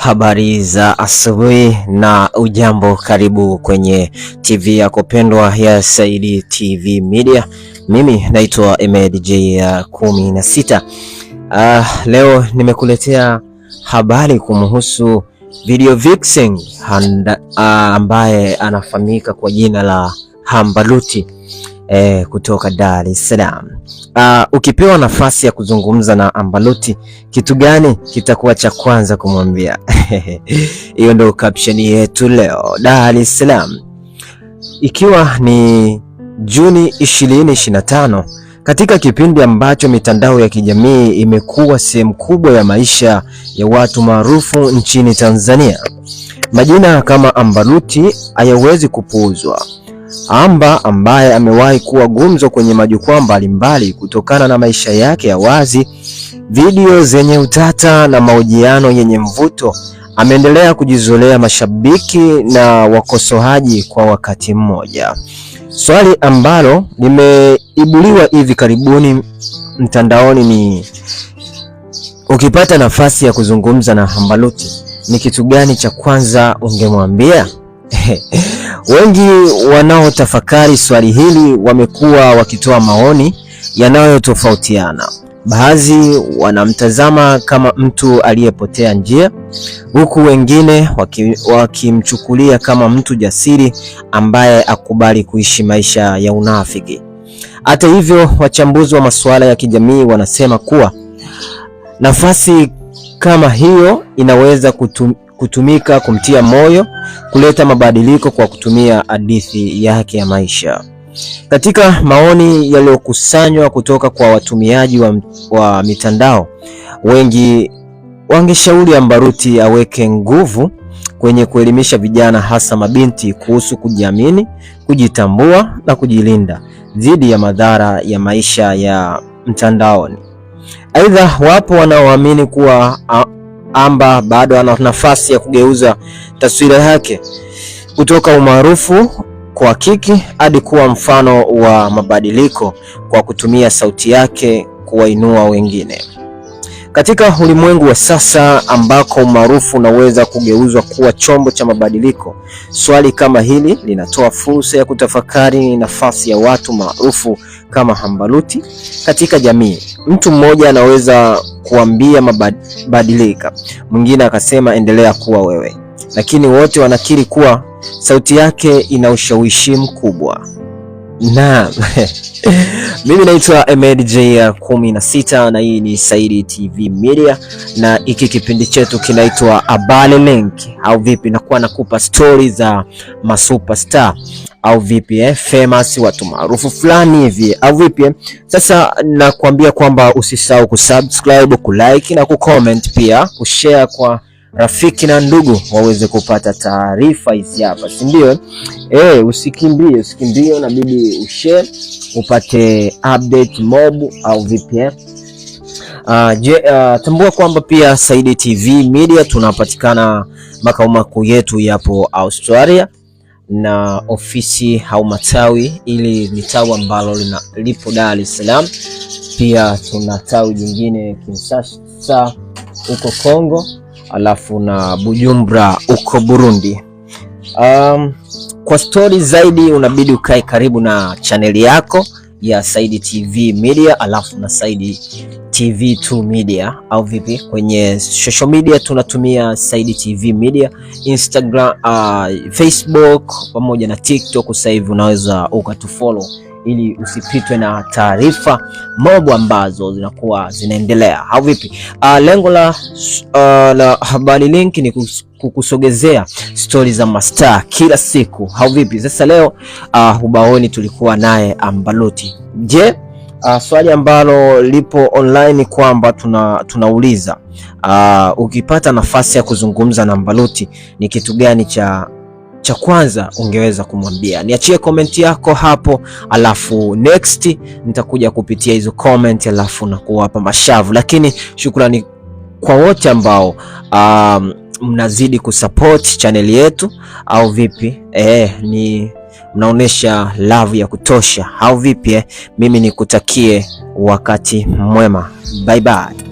Habari za asubuhi na ujambo, karibu kwenye TV ya kupendwa ya Saidi TV Media. Mimi naitwa Emed J ya kumi na sita. Uh, leo nimekuletea habari kumhusu Video Vixen uh, ambaye anafahamika kwa jina la Hambaluti eh, kutoka Dar es Salaam. Uh, ukipewa nafasi ya kuzungumza na ambaluti kitu gani kitakuwa cha kwanza kumwambia? Hiyo ndio caption yetu leo. Dar es Salaam, ikiwa ni Juni 2025 katika kipindi ambacho mitandao ya kijamii imekuwa sehemu kubwa ya maisha ya watu maarufu nchini Tanzania, majina kama ambaluti hayawezi kupuuzwa amba ambaye amewahi kuwa gumzo kwenye majukwaa mbalimbali kutokana na maisha yake ya wazi, video zenye utata na mahojiano yenye mvuto, ameendelea kujizolea mashabiki na wakosoaji kwa wakati mmoja, swali ambalo limeibuliwa hivi karibuni mtandaoni ni ukipata nafasi ya kuzungumza na hambaluti ni kitu gani cha kwanza ungemwambia? Wengi wanaotafakari swali hili wamekuwa wakitoa maoni yanayotofautiana. Baadhi wanamtazama kama mtu aliyepotea njia, huku wengine wakimchukulia waki kama mtu jasiri ambaye akubali kuishi maisha ya unafiki. Hata hivyo, wachambuzi wa masuala ya kijamii wanasema kuwa nafasi kama hiyo inaweza kutum, kutumika kumtia moyo, kuleta mabadiliko kwa kutumia hadithi yake ya maisha. Katika maoni yaliyokusanywa kutoka kwa watumiaji wa, wa mitandao, wengi wangeshauri Ambaruti aweke nguvu kwenye kuelimisha vijana hasa mabinti kuhusu kujiamini, kujitambua na kujilinda dhidi ya madhara ya maisha ya mtandaoni. Aidha, wapo wanaoamini kuwa Amba bado ana nafasi ya kugeuza taswira yake kutoka umaarufu kwa kiki hadi kuwa mfano wa mabadiliko kwa kutumia sauti yake kuwainua wengine. Katika ulimwengu wa sasa ambako umaarufu unaweza kugeuzwa kuwa chombo cha mabadiliko, swali kama hili linatoa fursa ya kutafakari nafasi ya watu maarufu kama hambaluti katika jamii. Mtu mmoja anaweza kuambia mabadilika. Mwingine akasema endelea kuwa wewe, lakini wote wanakiri kuwa sauti yake ina ushawishi mkubwa. Na mimi naitwa Ahmed 16 kumi na sita na hii ni Saidi TV Media, na hiki kipindi chetu kinaitwa Habari Link au vipi, nakuwa nakupa stori za masuperstar au vipi eh, famous watu maarufu fulani hivi au vipi eh. Sasa nakwambia kwamba usisahau kusubscribe, kulike na kucomment, pia kushare kwa rafiki na ndugu waweze kupata taarifa hizi hapa, si ndio? Eh, usikimbie, usikimbie, unabidi ushare upate update mob au VPN. Uh, eh? ah, je, uh, tambua kwamba pia Saidi TV Media tunapatikana, makao makuu yetu yapo Australia na ofisi au matawi ili ni tawi ambalo lipo Dar es Salaam. Pia tuna tawi jingine Kinshasa huko Kongo alafu na Bujumbura huko Burundi. Um, kwa stori zaidi unabidi ukae karibu na chaneli yako ya Saidi TV Media alafu na Saidi TV 2 Media au vipi? Kwenye social media tunatumia Saidi TV Media, Instagram, uh, Facebook pamoja na TikTok. Sasa hivi unaweza ukatufollow ili usipitwe na taarifa mambo ambazo zinakuwa zinaendelea au vipi? Uh, lengo la, uh, la Habari Link ni kukusogezea stori za mastaa kila siku au vipi? Sasa leo uh, ubaoni tulikuwa naye Ambaluti. Je, Uh, swali ambalo lipo online kwamba tuna, tunauliza uh, ukipata nafasi ya kuzungumza na Ambaluti ni kitu gani cha cha kwanza ungeweza kumwambia? Niachie comment yako hapo, alafu next nitakuja kupitia hizo comment, alafu na kuwapa mashavu. Lakini shukrani kwa wote ambao um, mnazidi kusupport chaneli yetu au vipi? Eh, ni mnaonesha love ya kutosha au vipi? Eh? Mimi nikutakie wakati mwema, bye bye.